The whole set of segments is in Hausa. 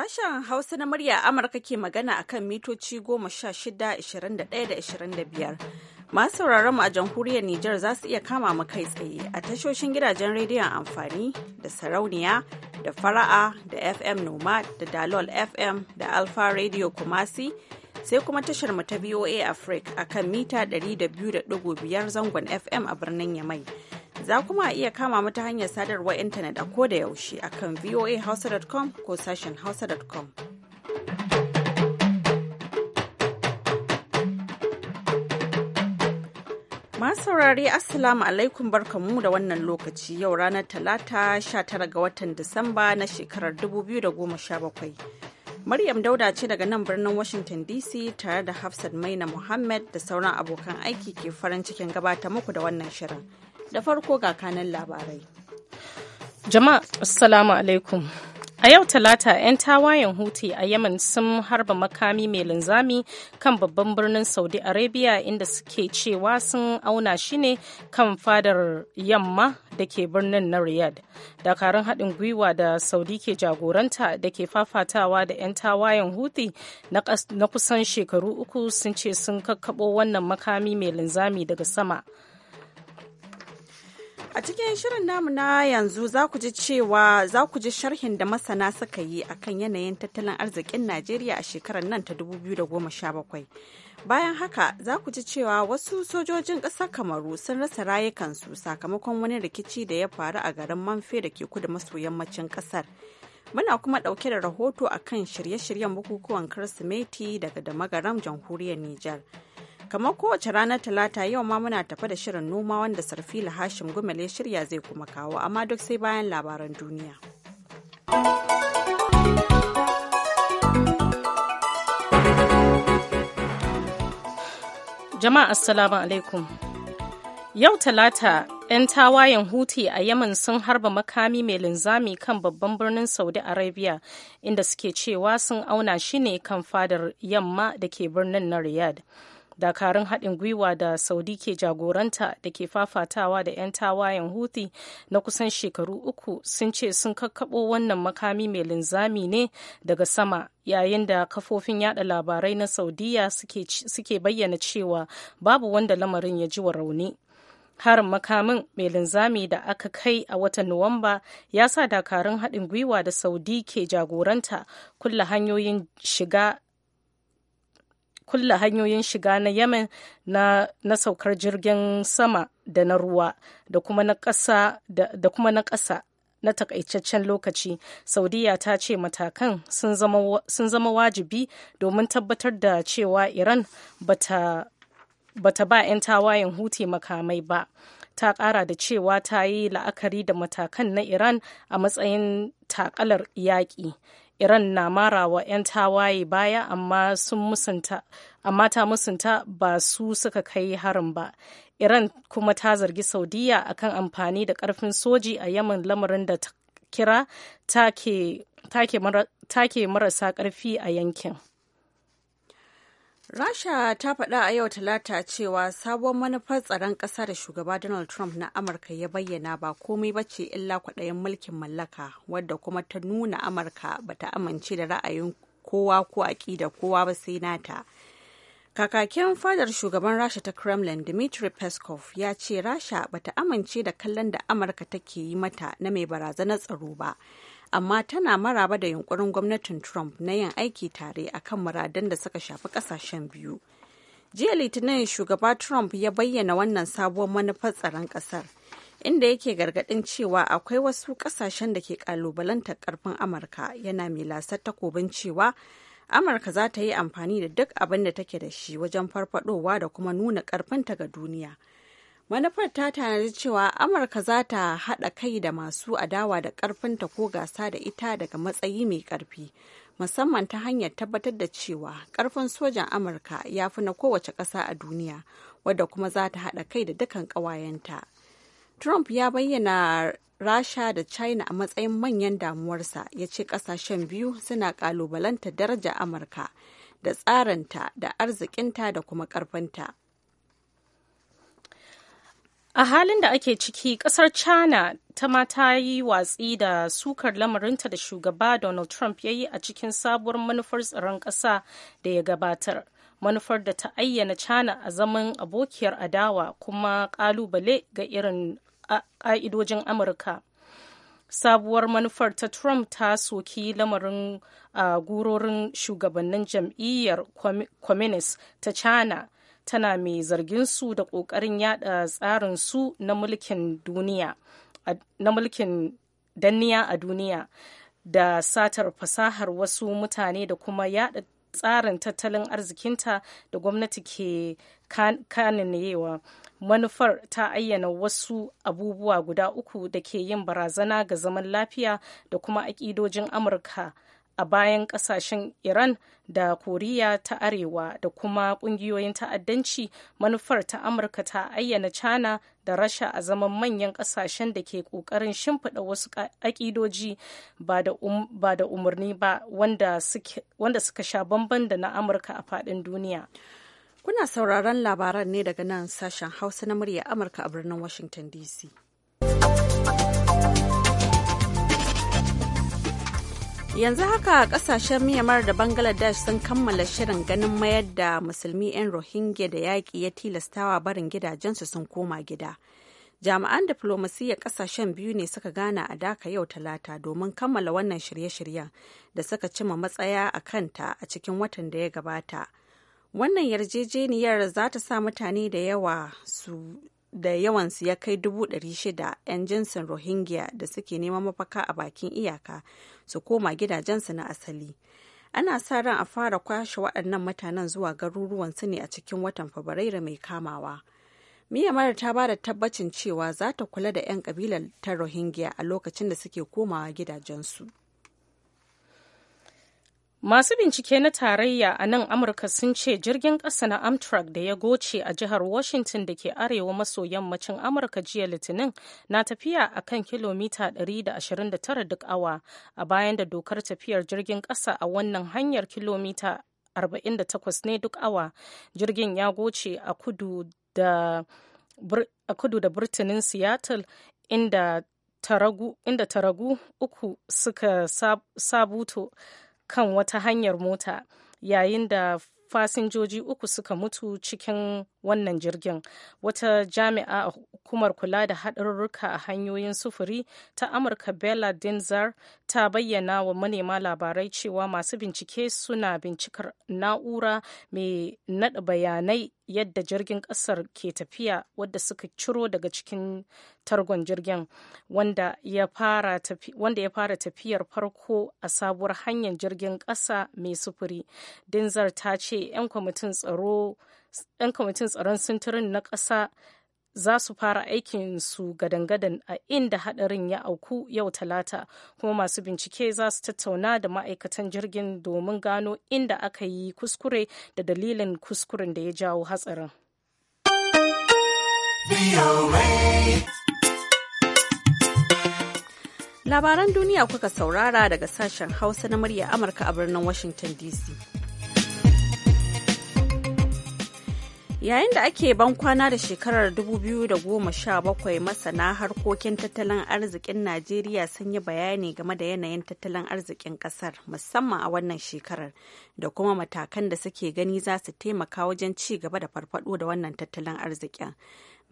Sashen Hausa na murya Amurka ke magana a kan mitoci ishirin da biyar Masu sauraron mu a jamhuriyar Nijar za su iya kama mu kai tsaye a tashoshin gidajen rediyon amfani da sarauniya da fara'a da FM Nomad da Dalol FM da Alfa Radio Kumasi sai kuma tashar mu ta VOA Africa a kan mita 200.5 zangon FM a birnin Yamai. Za kuma a iya kama mata hanyar sadarwar intanet a ko da yaushe akan voahausa.com ko sashen hausa.com. Masu saurari Assalamu alaikum barkanmu da wannan lokaci yau ranar Talata 19 ga watan Disamba na shekarar 2017. Maryam Dauda ce daga nan birnin Washington DC tare da Hafsat Maina Muhammad da sauran abokan aiki ke farin cikin gabata muku da wannan shirin. da farko ga kanan labarai. Jama'a, Assalamu alaikum. A yau Talata, 'yan tawayen huti a Yemen sun harba makami mai linzami kan babban birnin Saudi Arabia inda suke cewa sun auna shi ne kan fadar yamma da ke birnin na Riyadh. Dakarun haɗin gwiwa da Saudi ke jagoranta da ke fafatawa da 'yan tawayen huti na kusan shekaru uku sun ce sun kakkaɓo wannan makami mai linzami daga sama. A cikin shirin namu na yanzu za ku ji cewa za ku ji sharhin da masana suka yi akan yanayin tattalin arzikin Najeriya a shekarar nan ta 2017. Bayan haka za ku ji cewa wasu sojojin ƙasar Kamaru sun rasa rayukansu sakamakon wani rikici da ya faru a garin Manfe da ke kudu maso yammacin ƙasar. Muna kuma ɗauke da rahoto akan shirye-shiryen bukukuwan Kirsimeti daga da magaram jamhuriyar Nijar. kamar kowace ranar talata yau ma muna tafa da shirin noma wanda sarfila hashim gumale shirya zai kuma kawo amma duk sai bayan labaran duniya jama'a assalamu alaikum yau talata 'yan tawayen huti a yemen sun harba makami mai linzami kan babban birnin saudi arabia inda suke cewa sun auna shi ne kan fadar yamma da ke birnin na riyadh dakarun haɗin gwiwa da saudi ke jagoranta da ke fafatawa da 'yan tawayen huti na kusan shekaru uku sun ce sun kakkaɓo wannan makami mai linzami ne daga sama yayin da kafofin yada labarai na saudiya suke bayyana cewa babu wanda lamarin ya ji wa rauni harin makamin mai linzami da aka kai a watan nuwamba ya sa dakarun haɗin gwiwa da saudi ke jagoranta kulla hanyoyin shiga kulle hanyoyin shiga na yemen na, na saukar jirgin sama da na ruwa da kuma na ƙasa na takaitaccen lokaci saudiya ta ce matakan sun zama wajibi domin tabbatar da cewa iran bata bata ba 'yan tawayen huti makamai ba ta kara da cewa ta yi la'akari da matakan na iran a matsayin takalar yaƙi iran na mara wa 'yan tawaye baya amma sun musanta amma ta musunta ba su suka kai harin ba iran kuma ta zargi saudiya akan amfani da karfin soji a yaman lamarin da ta kira take marasa karfi a yankin Rasha ta faɗa a yau Talata cewa sabon manufar tsaron ƙasa da shugaba Donald Trump na Amurka ya bayyana ba komai ba ce illa kwaɗayin mulkin mallaka wadda kuma ta nuna Amurka ba ta amince da ra'ayin kowa ko aƙida kowa ba sai nata. Kakakin fadar shugaban Rasha ta Kremlin Dmitry Peskov ya ce Rasha ba ta amince da kallon da Amurka take yi mata na mai barazanar tsaro ba. amma tana maraba da yunkurin gwamnatin Trump na yin aiki tare akan muradan da suka shafi kasashen biyu. Jiya Litinin shugaba Trump ya bayyana wannan sabuwar manufar tsaron kasar, inda yake gargadin cewa akwai wasu kasashen da ke kalubalantar karfin Amurka yana mai lasar takobin cewa Amurka za ta yi amfani da duk abin da take da shi wajen farfadowa da kuma nuna karfinta ga duniya. manufar ta tanadi cewa amurka za ta haɗa kai da masu adawa da ƙarfinta ko gasa da ita daga matsayi mai ƙarfi musamman ta hanyar tabbatar da cewa ƙarfin sojan amurka ya fi na kowace ƙasa a duniya wadda kuma za ta haɗa kai da dukkan ƙawayenta trump ya bayyana rasha da china a matsayin manyan damuwarsa ya ce ƙasashen biyu suna ƙalubalanta daraja amurka da tsarinta da arzikinta da kuma ƙarfinta A halin da ake ciki, ƙasar China ta mata yi watsi da sukar lamarinta da shugaba Donald Trump ya yi a cikin sabuwar manufar tsaron ƙasa da ya gabatar. Manufar da ta ayyana China a zaman abokiyar adawa kuma ƙalubale ga irin ƙa'idojin Amurka. Sabuwar manufar ta Trump ta soki lamarin a gurorin shugabannin jam'iyyar Communist ta China. tana mai zargin su da ƙoƙarin yada tsarin su na mulkin duniya na mulkin danniya a duniya da satar fasahar wasu mutane da kuma yada tsarin tattalin arzikinta da gwamnati ke kananewa manufar ta ayyana wasu abubuwa guda uku da ke yin barazana ga zaman lafiya da kuma aƙidojin amurka a bayan kasashen iran da koriya ta arewa da kuma kungiyoyin ta'addanci manufar ta amurka ta ayyana china da rasha a zaman manyan kasashen da ke kokarin shimfiɗa wasu aƙidoji um, ba da umarni ba wanda suka sha bamban da na amurka a faɗin duniya kuna sauraron labaran ne daga nan sashen hausa na murya amurka a birnin washington dc yanzu haka kasashen miyamar da bangladesh sun kammala shirin ganin mayar da musulmi 'yan rohingya da yaƙi ya tilastawa barin gidajensu sun koma gida jami'an diflomasiyyar kasashen biyu ne suka gana a daka yau talata domin kammala wannan shirye-shiryen da suka cima matsaya a kanta a cikin watan da ya gabata wannan yarjejeniyar za ta sa mutane da yawa su da yawansu ya kai dubu ɗari shida 'yan jinsin rohingya da suke neman mafaka a bakin iyaka su koma gidajensu na asali ana sa ran a fara kwashe waɗannan mutanen zuwa garuruwan su ne a cikin watan fabrairu mai kamawa miyamar ta ba da tabbacin cewa za ta kula da 'yan kabilar ta rohingya a lokacin da suke komawa gidajensu Masu bincike na tarayya a nan Amurka sun ce jirgin ƙasa na Amtrak da ya goce a jihar Washington da ke arewa maso yammacin Amurka jiya Litinin na tafiya a kan kilomita 129 duk awa a bayan da dokar tafiyar jirgin ƙasa a wannan hanyar kilomita 48 ne duk awa. Jirgin ya goce a kudu da birtinin Seattle inda taragu, uku suka sab, sabuto. kan wata hanyar mota yayin da fasinjoji uku suka mutu cikin wannan jirgin wata jami'a a hukumar kula da haɗarurruka a hanyoyin sufuri ta amurka bella dinzar ta bayyana wa manema labarai cewa masu bincike suna bincikar na'ura mai naɗa bayanai yadda jirgin ƙasar ke tafiya wadda suka ciro daga cikin targon jirgin wanda ya fara tafiyar farko a sabuwar hanyar jirgin ƙasa mai sufuri dinzar ta ce 'yan kwamitin tsaro 'yan kwamitin tsaron sintirin na ƙasa za su fara aikin su gadangadan a inda hadarin ya auku yau talata kuma masu bincike za su tattauna da ma'aikatan jirgin domin gano inda aka yi kuskure da dalilin kuskuren da ya jawo hatsarin labaran duniya kuka saurara daga sashen hausa na murya amurka a birnin washington dc yayin da ake ban kwana da shekarar 2017 masana harkokin tattalin arzikin najeriya sun yi bayani game da yanayin tattalin arzikin kasar musamman a wannan shekarar da kuma matakan da suke gani za su taimaka wajen ci gaba da farfado da wannan tattalin arzikin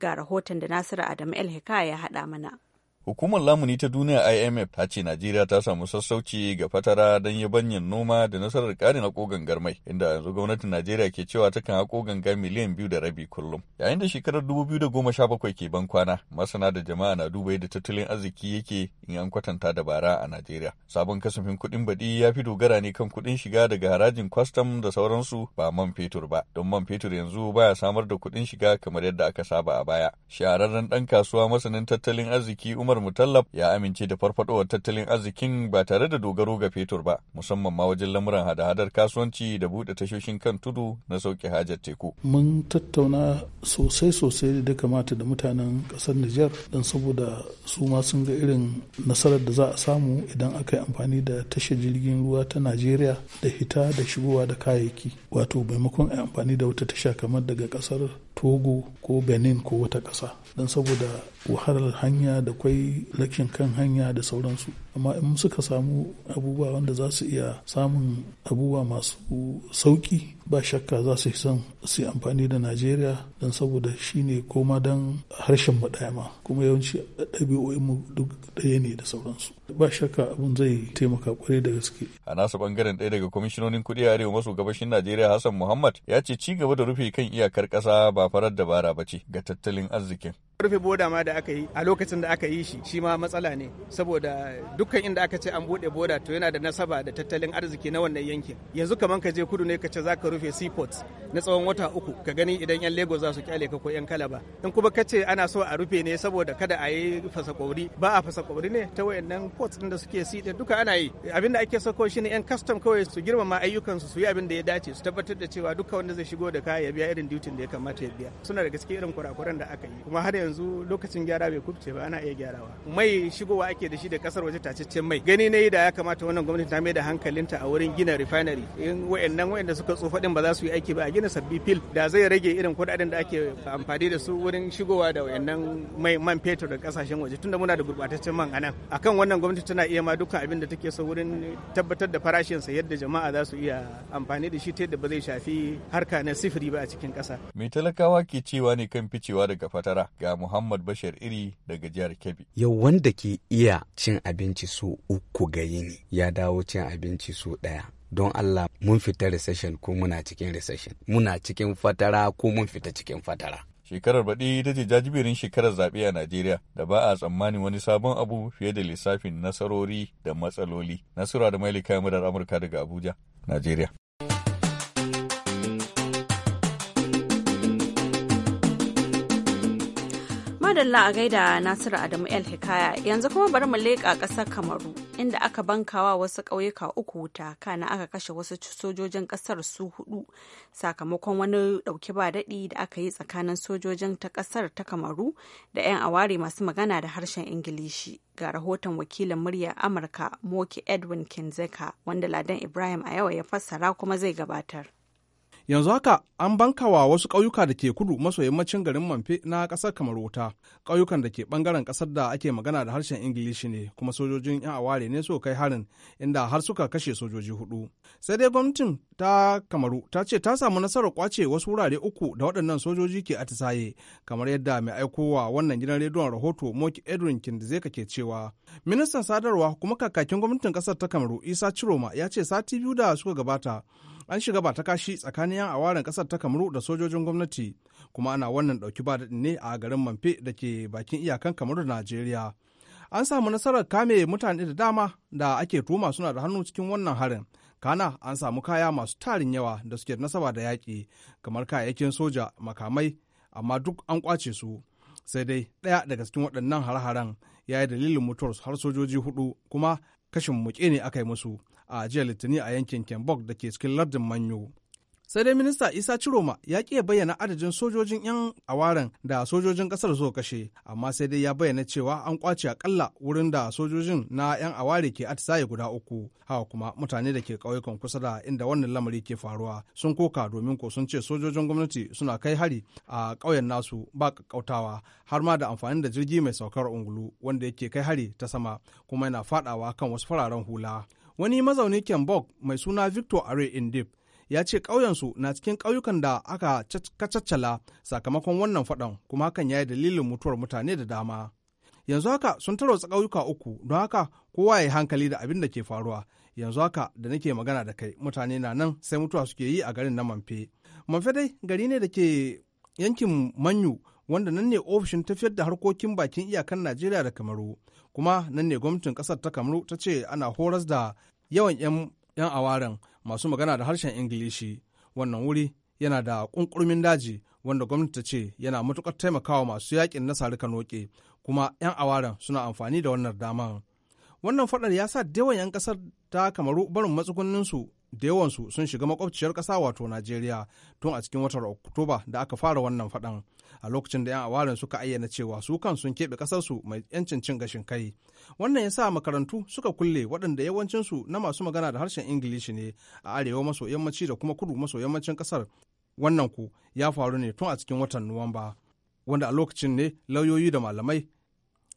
ga rahoton da nasiru adamu el ya haɗa mana Hukumar lamuni ta duniya IMF ta ce Najeriya ta samu sassauci ga fatara don yabanyin noma da nasarar ƙarin haƙo gangar mai, inda yanzu gwamnatin Najeriya ke cewa takan hako ganga miliyan biyu da rabi kullum. Yayin da shekarar dubu biyu da goma sha bakwai ke ban kwana, masana da jama'a na duba da tattalin arziki yake in an kwatanta da bara a Najeriya. Sabon kasafin kuɗin baɗi ya fi dogara ne kan kuɗin shiga daga harajin kwastam da sauransu ba man fetur ba, don man fetur yanzu baya samar da kuɗin shiga kamar yadda aka saba a baya. Shahararren ɗan kasuwa masanin tattalin arziki Umar Umar Mutallab ya amince da farfadowar tattalin arzikin ba tare da dogaro ga fetur ba, musamman ma wajen lamuran hada-hadar kasuwanci da buɗe tashoshin kan tudu na sauke hajar teku. Mun tattauna sosai-sosai da kamata da mutanen ƙasar Nijar don saboda su ma sun ga irin nasarar da za a samu idan aka yi amfani da tashar jirgin ruwa ta Najeriya da hita da shigowa da kayayyaki. Wato maimakon a amfani da wata tasha kamar daga ƙasar togo ko benin ko wata ƙasa don saboda wahalar hanya da kwai lakin kan hanya da sauransu amma in suka samu abubuwa wanda za su iya samun abubuwa masu sauƙi ba shakka za su san su amfani da najeriya don saboda shi ne koma don harshen maɗaima kuma yawanci ɗabi'o'in mu duk ɗaya ne da sauransu ba shakka abun zai taimaka kwarai da gaske a nasu bangaren ɗaya daga kwamishinonin kuɗi a arewa maso gabashin najeriya hassan muhammad ya ce ci gaba da rufe kan iyakar ƙasa ba farar dabara ba ce ga tattalin arzikin rufe boda ma da aka yi a lokacin da aka yi shi shi ma matsala ne saboda dukkan inda aka ce an bude boda to yana da nasaba da tattalin arziki na wannan yankin yanzu kaman ka je kudu ne ka ce za ka rufe seaport na tsawon wata uku ka gani idan yan lagos za su kyale ka ko yan kalaba in kuma ka ce ana so a rufe ne saboda kada a yi fasa kwauri ba a fasa kwauri ne ta wayannan ports din da suke si duka ana yi abin da ake sako shi ne yan custom kawai su girmama ayyukansu su yi abin da ya dace su tabbatar da cewa duka wanda zai shigo da kaya ya biya irin dutin da ya kamata ya biya suna daga cikin irin kurakuran da aka yi kuma har yanzu lokacin gyara bai kubce ba ana iya gyarawa mai shigowa ake da shi da kasar waje tacaccen mai gani na da ya kamata wannan gwamnati ta mai da hankalinta a wurin gina refinery in wayannan wayanda suka tsufa din ba za su yi aiki ba a gina sabbi fil da zai rage irin kudaden da ake amfani da su wurin shigowa da wayannan mai man fetur da kasashen waje tunda muna da gurbataccen man anan akan wannan gwamnati tana iya ma dukkan abin da take so wurin tabbatar da farashin farashinsa yadda jama'a za su iya amfani da shi ta yadda ba zai shafi harka na sifiri ba a cikin kasa Mai talakawa ke cewa ne kan ficewa daga fatara ga Muhammad Bashir Iri daga jihar Kebbi. Yau wanda ke iya cin abinci su uku ga yini ya dawo cin abinci su ɗaya. Don Allah mun fita recession ko muna cikin recession, muna cikin fatara ko mun fita cikin fatara. shekarar baɗi ita ce jajibirin shekarar zaɓe a Najeriya da ba a tsammanin wani sabon abu fiye da lissafin nasarori da matsaloli. Nasura da Mailika murar Amurka daga Abuja, Najeriya. Madalla a gaida Nasiru Adamu El Hikaya yanzu kuma bari mu leƙa ƙasar Kamaru inda aka bankawa wasu ƙauyuka uku wuta kana aka kashe wasu sojojin ƙasar su hudu sakamakon wani ɗauki ba daɗi da aka yi tsakanin sojojin ta ƙasar ta Kamaru da 'yan aware masu magana da harshen Ingilishi ga rahoton wakilin murya Amurka Moki Edwin Kinzeka wanda Ladan Ibrahim a yawa ya fassara kuma zai gabatar. yanzu haka an bankawa wasu ƙauyuka da ke kudu maso yammacin garin manfe na ƙasar kamar wuta ƙauyukan da ke ɓangaren ƙasar da ake magana da harshen ingilishi ne kuma sojojin yan aware ne so kai harin inda har suka kashe sojoji hudu sai dai gwamnatin ta kamaru ta ce ta samu nasarar kwace wasu wurare uku da waɗannan sojoji ke atisaye kamar yadda mai aikowa wannan gidan rediyon rahoto moki edwin kindizeka ke cewa ministan sadarwa kuma kakakin gwamnatin ƙasar ta kamaru isa ciroma ya ce sati biyu da suka gabata an shiga ba ta kashi tsakanin yan awaren kasar ta kamaru da sojojin gwamnati kuma ana wannan dauki ba daɗin ne a garin manfe da ke bakin iyakan kamaru da najeriya an samu nasarar kame mutane da dama da ake tuma suna da hannu cikin wannan harin kana an samu kaya masu tarin yawa da suke nasaba da yaƙi kamar kayayyakin soja makamai amma duk an kwace su sai dai ɗaya daga cikin waɗannan har-haren ya yi dalilin mutuwar har sojoji hudu kuma kashin muke ne aka yi musu a jiya litinin a yankin Kembok da ke cikin lardin Manyo. Sai dai minista Isa Ciroma ya ƙi bayyana adadin sojojin 'yan awaren da sojojin ƙasar suka kashe, amma sai dai ya bayyana cewa an ƙwace akalla wurin da sojojin na 'yan aware ke atisaye guda uku. Haka kuma mutane da ke ƙauyukan kusa da inda wannan lamari ke faruwa sun koka domin ko sun ce sojojin gwamnati suna kai hari a ƙauyen nasu ba ƙautawa har ma da amfani da jirgi mai saukar ungulu wanda yake kai hari ta sama kuma yana faɗawa kan wasu fararen hula. Wani mazaunin Kenbok mai suna Victor Are Indip ya ce ƙauyensu na cikin ƙauyukan da aka kacaccala sakamakon wannan faɗan kuma hakan ya yi dalilin mutuwar mutane da dama. Yanzu haka sun tarwatsa ƙauyuka uku don haka kowa ya yi hankali da abin da ke faruwa. Yanzu haka da nake magana da kai mutane na nan sai mutuwa suke yi a garin na Manfe. Manfe dai gari ne da ke yankin Manyu wanda nan ne ofishin tafiyar da harkokin bakin iyakan Najeriya da Kamaru, kuma nan ne gwamnatin ƙasar ta Kamaru ta ce ana horas da yawan 'yan awaren masu magana da harshen Ingilishi. Wannan wuri yana da ƙunƙurmin daji wanda gwamnati ta ce yana matukar taimakawa masu yakin na sari noke kuma 'yan awaren suna amfani da wannan dama. Wannan faɗar ya sa da yawan 'yan ƙasar ta Kamaru barin matsugunninsu da yawansu sun shiga makwabciyar ƙasa wato Najeriya tun a cikin watan Oktoba da aka fara wannan faɗan a lokacin da 'yan awarin suka ayyana cewa su kan sun keɓe ƙasarsu mai 'yancin cin gashin kai. Wannan ya sa makarantu suka kulle waɗanda yawancinsu na masu magana da harshen Ingilishi ne a arewa maso yammaci da kuma kudu maso yammacin ƙasar. Wannan ku ya faru ne tun a cikin watan Nuwamba, wanda a lokacin ne lauyoyi da malamai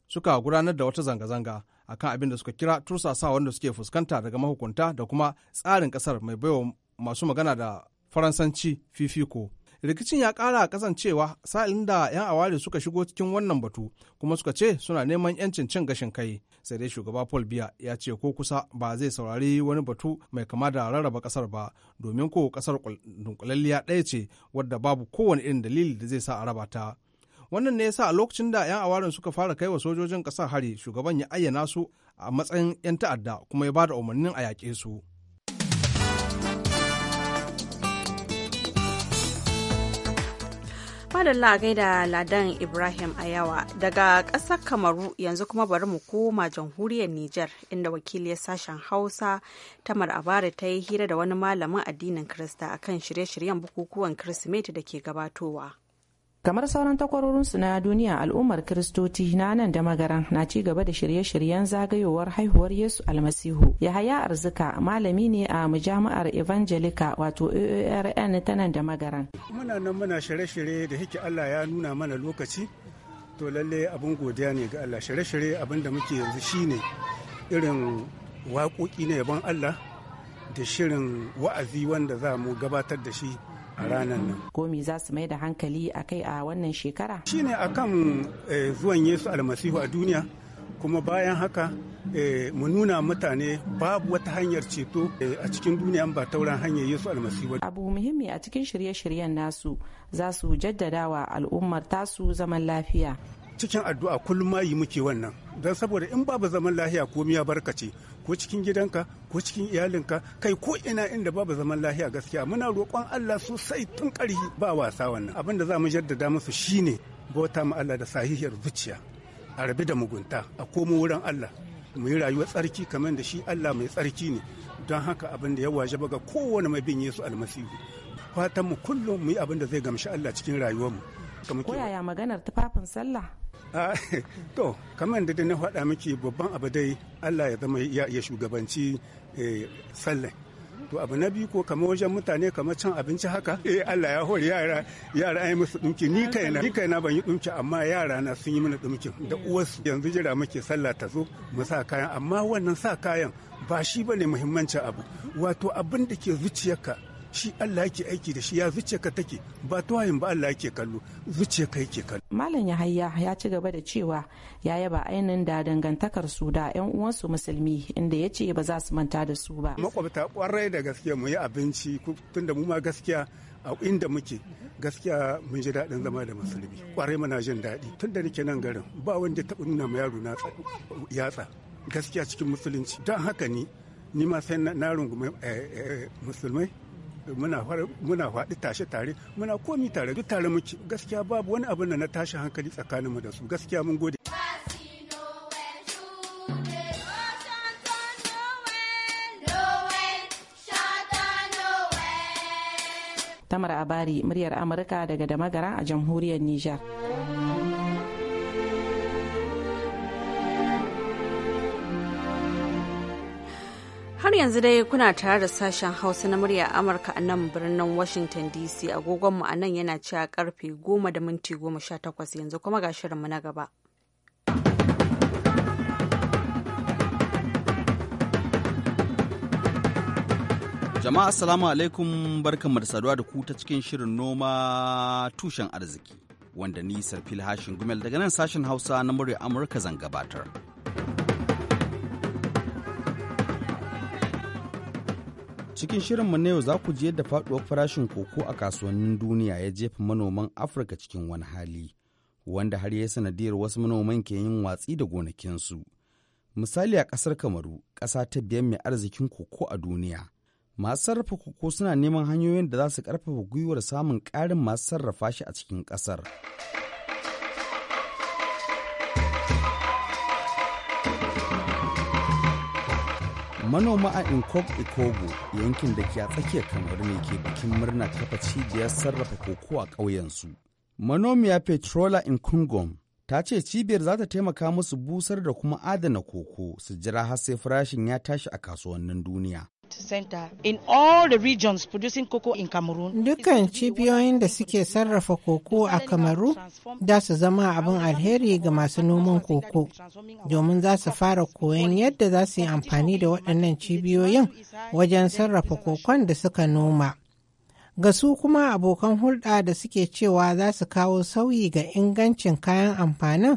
suka gudanar da wata zanga-zanga akan abin da suka kira tursasa wanda suke fuskanta daga mahukunta da kuma tsarin kasar mai baiwa masu magana da faransanci fifiko rikicin ya kara kasancewa sa'ilin da 'yan awari suka shigo cikin wannan batu kuma suka ce suna neman 'yancin cin gashin kai sai dai shugaba paul biya ya ce ko kusa ba zai saurari wani batu mai kama da rarraba kasar ba domin ko kasar dunkulalliya ɗaya ce wadda babu kowane irin dalili da zai sa a raba ta wannan ne yasa a lokacin da 'yan awarin suka fara kaiwa sojojin ƙasar hari shugaban ya ayyana su a matsayin 'yan ta'adda kuma ya ba da umarnin a yaƙe su madalla gaida ladan ibrahim ayawa daga ƙasar kamaru yanzu kuma bari mu koma jamhuriyar nijar inda wakiliyar sashen hausa ta abare ta yi hira da wani malamin addinin krista akan shirye-shiryen bukukuwan kirsimeti da ke gabatowa kamar sauran takwarorinsu na duniya al'ummar kiristoci na nan da magaran na ci gaba da shirye-shiryen zagayowar haihuwar yesu almasihu yahaya arzika malami ne a mujami'ar evangelica wato aorn ta nan da magaran muna nan muna shirye-shirye da hiki allah ya nuna mana lokaci to lalle abin godiya ne ga allah shirye-shirye abin da muke yanzu shine irin waƙoƙi na yabon allah da shirin wa'azi wanda za mu gabatar da shi a ranar nan. Gomi za su mai da hankali a kai a wannan shekara? shi ne a kan eh, zuwan Yesu almasihu a duniya kuma bayan haka eh, mu nuna mutane babu wata hanyar ceto eh, a cikin duniya ba tauran hanyar Yesu almasihu. Abu muhimmi a cikin shirye-shiryen nasu za su jaddadawa al'ummar tasu zaman lafiya. Cikin addu'a kullum ma yi muke wannan don saboda in babu zaman lafiya komiya barkace. ko cikin gidanka ko cikin iyalinka kai ko ina inda babu zaman lahiya gaskiya muna roƙon Allah sosai tun ƙarfi ba wasa wannan abin da za mu jaddada musu shine bauta ma Allah da sahihiyar zuciya a rabi da mugunta a komo wurin Allah mu yi rayuwar tsarki kamar da shi Allah mai tsarki ne don haka abin da ya waje ga kowane mai bin Yesu almasihu fatan mu kullum mu yi abin da zai gamshi Allah cikin rayuwarmu. Koyaya maganar tufafin sallah to kamar da na faɗa miki babban abu dai allah ya zama ya shugabanci eh, sallah to abu na biyu ko kamar wajen mutane kamar can abinci haka eh Allah ya hori yara yara ai musu dumki ni kaina ni kaina ban yi dumki amma yara na sun yi mana dumki da uwarsu yanzu jira muke sallah ta zo mu sa kayan amma wannan sa kayan ba shi bane muhimmancin abu wato abin da ke zuciyarka shi Allah yake aiki da shi ya zuce ka take ba tuwayin ba Allah yake kallo zuce ka yake kallo malam yahaya ya ci gaba da cewa ya yaba ainihin da dangantakar su da yan uwansu musulmi inda ya ce ba za su manta da su ba makwabta kwarai da gaskiya mu yi abinci tunda mu ma gaskiya a inda muke gaskiya mun ji daɗin zama da musulmi kwarai muna jin daɗi tunda nake nan garin ba wanda taɓa nuna ma yaro na yatsa gaskiya cikin musulunci don haka ni ni ma sai na rungumi eh, eh, eh, musulmai muna faɗi tashe tare muna komi tare duk tare muke gaskiya babu wani abin da na tashi hankali tsakaninmu da su gaskiya mun gode Tamar Abari, muryar Amurka daga Damagara a jamhuriyar Nijar. har yanzu dai kuna tare da sashen hausa na murya amurka a nan birnin washington dc agogonmu a nan yana cewa karfe 10 da minti 18 yanzu kuma ga shirinmu na gaba jama'a assalamu alaikum barkanmu da saduwa da ku ta cikin shirin noma tushen arziki wanda ni sarfil hashin gumel daga nan sashen hausa na murya amurka zan gabatar cikin shirinmu na yau za ku ji yadda faduwar farashin koko a kasuwannin duniya ya jefa manoman afirka cikin wani hali wanda har ya sanadiyar wasu manoman ke yin watsi da gonakinsu misali a ƙasar kamaru ƙasa ta biyan mai arzikin koko a duniya masu sarrafa koko suna neman hanyoyin da za su ƙarfafa gwiwar samun ƙarin masu sarrafa shi a cikin ƙasar manoma a inkog ikogo yankin da ke a tsakiyar kamar ne ke bikin murna kafa cibiyar sarrafa koko a ƙauyensu manomiya petrola inkungom ta ce cibiyar za ta taimaka musu busar da kuma adana koko su jira har sai farashin ya tashi a kasuwannin duniya Dukkan cibiyoyin da suke sarrafa koko a Kamaru da su zama abin alheri ga masu noman koko domin za su fara koyon yadda za su yi amfani da waɗannan cibiyoyin wajen sarrafa kokon da suka noma. Ga su kuma abokan hulɗa da suke cewa za su kawo sauyi ga ingancin kayan amfanin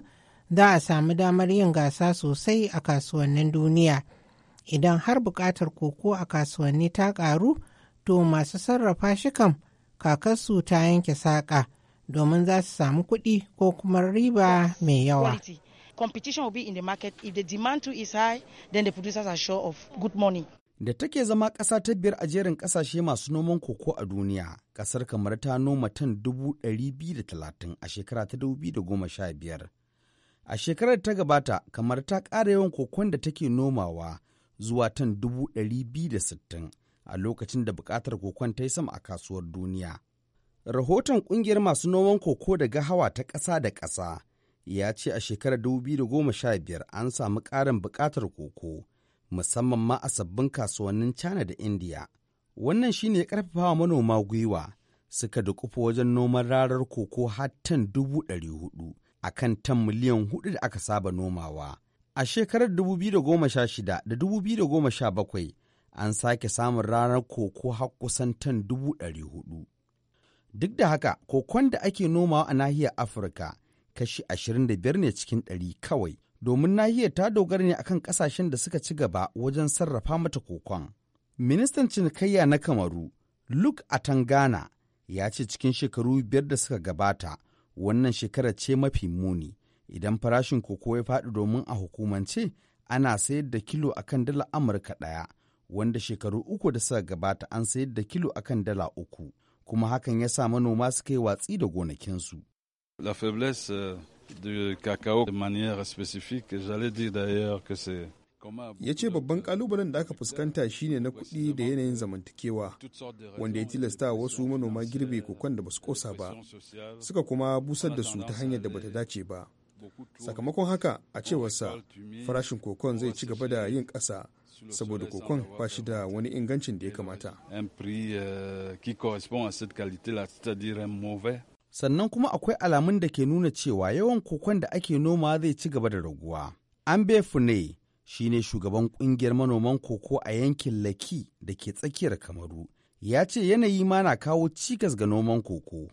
za a samu damar yin gasa sosai a kasuwannin duniya. idan har bukatar koko a kasuwanni ta ƙaru to masu sarrafa shi kam kakarsu ta yanke saƙa domin za su samu kuɗi ko kuma riba mai yawa. Competition will be market. If the demand too is high, good money. Da take zama ƙasa ta biyar a jerin ƙasashe masu noman koko a duniya, ƙasar kamar ta noma tan talatin a shekara ta goma sha biyar. A shekarar ta gabata, kamar ta ƙara yawan kokon da take nomawa zuwa tan 260 a lokacin da bukatar kokon ta yi sama a kasuwar duniya. Rahoton ƙungiyar masu noman koko daga hawa ta ƙasa da ƙasa ya ce a shekarar 2015 an samu ƙarin bukatar koko, musamman ma a sabbin kasuwannin China da India. Wannan shi ne ya manoma gwiwa suka da dukufa wajen noman rarar koko har tan 400 a kan tan miliyan 4 da aka saba nomawa. A shekarar 2016 da 2017 an sake samun ranar koko har kusan tan 400. Duk da haka, kokon da ake nomawa a nahiyar Afirka kashi 25 ne cikin 100 kawai, domin nahiyar ta dogara ne akan kasashen da suka ci gaba wajen sarrafa mata kokon. Ministan cinikayya na Kamaru, Luke Atangana, ya ce cikin shekaru biyar da suka gabata, wannan shekara ce mafi muni. Idan farashin koko ya faɗi domin a hukumance ana sayar da kilo akan dala Amurka ɗaya, wanda shekaru uku da suka gabata an sayar da kilo akan dala uku, kuma hakan ya sa manoma suka yi watsi da gonakinsu. La euh, ya ce babban kalubalen da aka fuskanta shine na kuɗi da yanayin zamantakewa wanda ya tilasta wasu manoma girbe kokon da ba su kosa ba suka kuma busar da su ta hanyar da bata dace ba sakamakon haka a cewarsa farashin kokon zai ci gaba da yin ƙasa saboda kokon ba shi da wani ingancin da ya kamata euh, sannan kuma akwai alamun da ke nuna cewa yawan kokon da ake noma zai ci gaba da raguwa an fune ne shugaban kungiyar manoman koko a yankin laki da ke tsakiyar kamaru ya ce yanayi ma na kawo cikas ga noman koko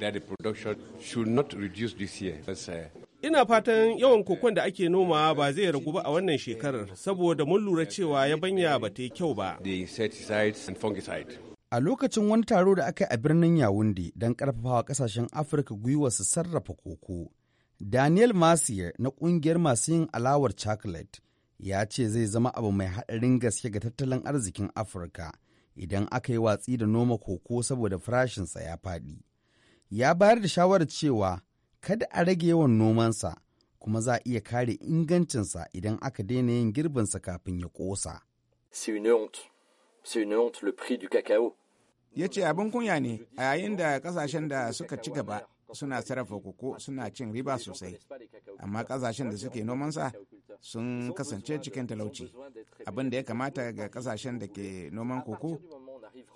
that the production not reduce this Ina fatan yawan kokon da ake noma ba zai ragu ba a wannan shekarar saboda mun lura cewa yabanya ba ta yi kyau ba. A lokacin wani taro da aka yi a birnin Yawundi don karfafawa kasashen Afirka gwiwa su sarrafa koko, Daniel Masier na kungiyar masu yin alawar chocolate ya ce zai zama abu mai haɗarin gaske ga tattalin arzikin Afirka idan aka yi watsi da noma koko saboda farashinsa ya faɗi. ya bayar da shawarar cewa kada a rage yawan nomansa kuma za a iya kare ingancinsa idan aka daina yin girbinsa kafin ya ƙosa. Ya ce abin kunya ne a yayin da kasashen da suka ci gaba suna sarrafa koko suna cin riba sosai, amma kasashen da suke nomansa sun kasance cikin talauci. Abin da ya kamata ga kasashen da ke noman koko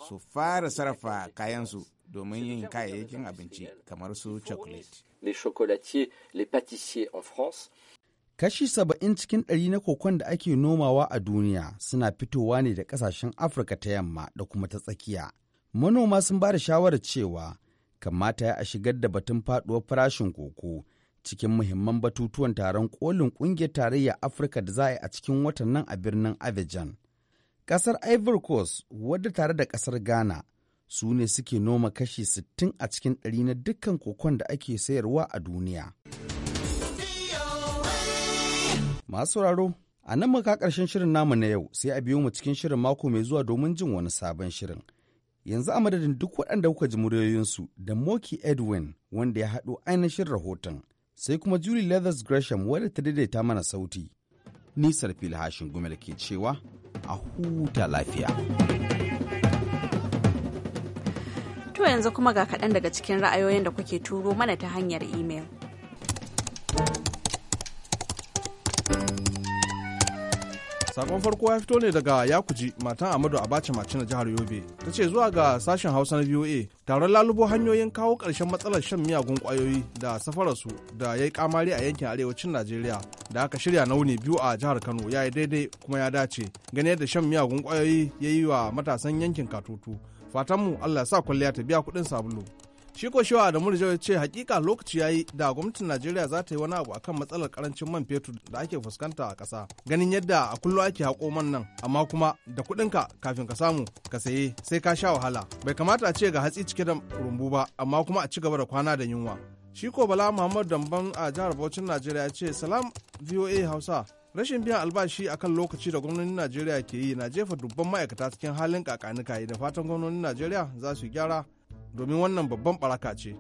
su fara sarrafa kayansu domin yin kayayyakin abinci kamar su chocolate. Kashi saba'in cikin ɗari na kokon da ake nomawa a duniya suna fitowa ne da ƙasashen Afirka ta yamma da kuma ta tsakiya. Manoma sun ba da shawarar cewa kamata ya a shigar da batun faɗuwar farashin koko cikin muhimman batutuwan taron kolin ƙungiyar tarayya Afirka da za a yi a cikin watan nan a birnin Abidjan. Ƙasar Ivory Coast wadda tare da ƙasar Ghana su ne suke noma kashi 60 a cikin ɗari na dukkan kokon da ake sayarwa a duniya. Masu sauraro, a nan muka ƙarshen shirin namu na yau sai a biyo mu cikin shirin mako mai zuwa domin jin wani sabon shirin. Yanzu a madadin duk waɗanda kuka ji muryoyinsu da Moki Edwin wanda ya haɗo ainihin rahoton, sai kuma Julie Leathers Gresham wadda ta daidaita mana sauti. Nisar filhashin gumel ke cewa a huta lafiya. To yanzu kuma ga kaɗan daga cikin ra'ayoyin da kuke turo mana ta hanyar imel. sakon farko ya fito ne daga yakuji matan amadu abacha mace na jihar yobe ta ce zuwa ga sashen hausa na voa taron lalubo hanyoyin kawo ƙarshen matsalar shan miyagun kwayoyi da safararsu da ya yi kamari a yankin arewacin najeriya da aka shirya na wuni biyu a jihar kano ya yi daidai kuma ya dace gane da shan miyagun kwayoyi ya yi wa matasan yankin katutu fatanmu allah Ya sa kwalliya ta biya kuɗin sabulu shi ko shewa da ya ce hakika lokaci yayi da gwamnatin najeriya za ta yi wani abu akan matsalar karancin man fetur da ake fuskanta a ƙasa ganin yadda a kullum ake haƙo man nan amma kuma da kuɗinka kafin ka samu ka saye sai ka sha wahala bai kamata a ce ga hatsi cike da rumbu ba amma kuma a ci gaba da kwana da yunwa shi ko bala muhammad damban a jihar bauchin najeriya ce salam voa hausa rashin biyan albashi a kan lokaci da gwamnonin najeriya ke yi na jefa dubban ma'aikata cikin halin kakanika da fatan gwamnonin najeriya za su gyara domin wannan babban baraka ce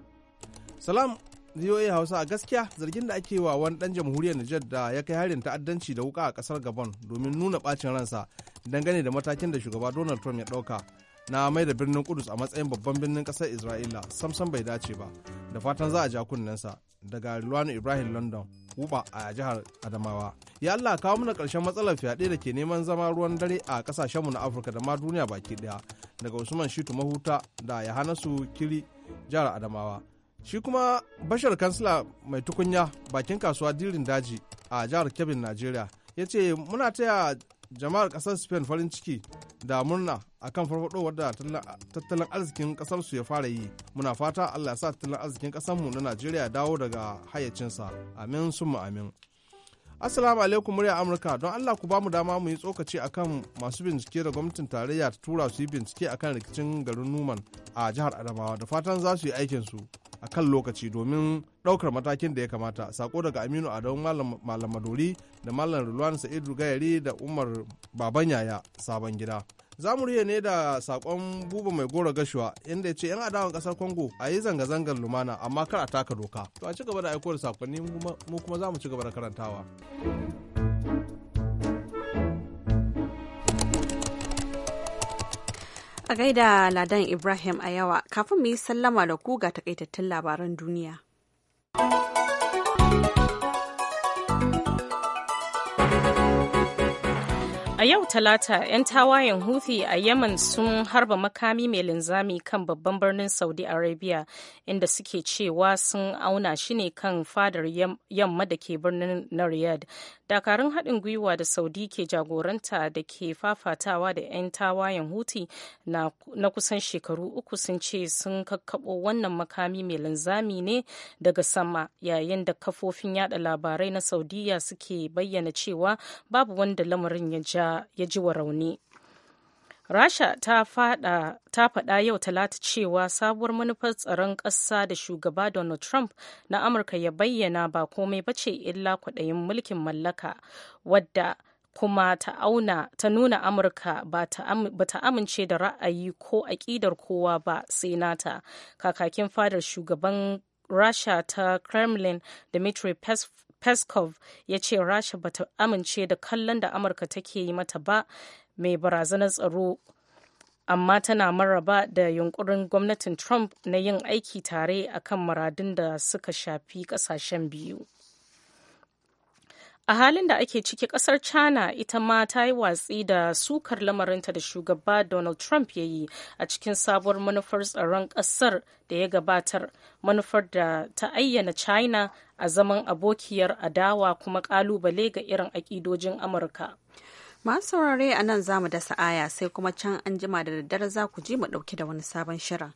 salam voa hausa a gaskiya zargin da ake wa wani dan jamhuriyar nijar da ya kai harin ta'addanci da wuka a kasar gabon domin nuna bacin ransa dangane da matakin da shugaba donald trump ya dauka na mai da birnin kudus a matsayin babban birnin kasar isra'ila samsam bai dace ba da fatan za a ja kunnensa daga rilwanu ibrahim london wuba a jihar adamawa ya allah kawo mana karshen matsalar fyaɗe da ke neman zama ruwan dare a kasashenmu na afirka da ma duniya baki daya daga usman shitu mahuta da yahanasu kiri jihar adamawa shi kuma bashar kansila mai tukunya bakin kasuwa dirin daji a jihar kebbin najeriya ya ce muna taya jama'ar kasar spain farin ciki da murna kan farfadowar da tattalin arzikin kasarsu ya fara yi muna fata allah ya sa tattalin arzikin ƙasarmu na najeriya dawo daga hayyacinsa amin mu amin assalamu alaikum murya amurka don allah ku bamu dama mu yi tsokaci akan masu bincike da gwamnatin tarayya ta tura su yi bincike akan rikicin garin numan a jihar adamawa da fatan za su yi aikinsu a kan lokaci domin ɗaukar matakin da ya kamata sako daga aminu adamu malam madori da malam ruwan sa'idu gayari da umar baban yaya sabon gida za mu riya ne da sakon buba mai goro gashuwa inda ya ce yan adawan kasar congo a yi zanga-zangar lumana amma kar a taka doka to a ci gaba da aiko da sakonni mu kuma za mu ci gaba da karantawa. A gaida Ladan Ibrahim a yawa kafin mu yi sallama da ku ga takaitattun labaran duniya. A yau Talata, 'yan tawayen huthi a Yemen sun harba makami mai linzami kan babban birnin Saudi Arabia, inda suke cewa sun auna shi ne kan fadar yamma da ke birnin na Riyadh. Dakarun haɗin gwiwa da Saudi ke jagoranta da ke fafatawa da 'yan tawayen huthi na, kusan shekaru uku sun ce sun kakkaɓo wannan makami mai linzami ne daga sama, yayin da kafofin yada labarai na Saudiya suke bayyana cewa babu wanda lamarin ya ja. ya ji wa rauni rasha ta faɗa yau talata cewa sabuwar manufar tsaron ƙasa da shugaba donald trump na amurka ya bayyana ba komai ba ce illa kwaɗayin mulkin mallaka wadda kuma ta auna ta nuna amurka ba ta amince da ra'ayi ko aƙidar kowa ba sai nata kakakin fadar shugaban rasha ta kremlin dmitry peskov ya ce rasha bata amince da kallon da amurka take yi mata ba mai barazanar tsaro amma tana maraba da yunkurin gwamnatin trump na yin aiki tare akan muradun da suka shafi kasashen biyu a halin da ake ciki kasar china ita ma ta yi watsi da sukar lamarinta da shugaba donald trump ya yi a cikin sabuwar manufar tsaron kasar da ya gabatar manufar da ta ayyana china a zaman abokiyar adawa kuma kalubale ga irin akidojin amurka masu saurare a nan za mu dasa aya sai kuma can an jima da daddare za ku ji mu ɗauki da wani sabon shirin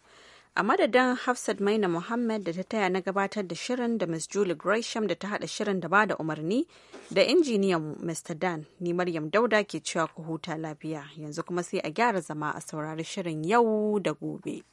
a madadin hafsat maina muhammad da ta taya na gabatar da shirin da miss julie gresham da ta hada shirin da ba da umarni da injiniyan mr dan ni maryam dauda ke cewa ku huta lafiya yanzu kuma sai a gyara zama a saurari shirin yau da gobe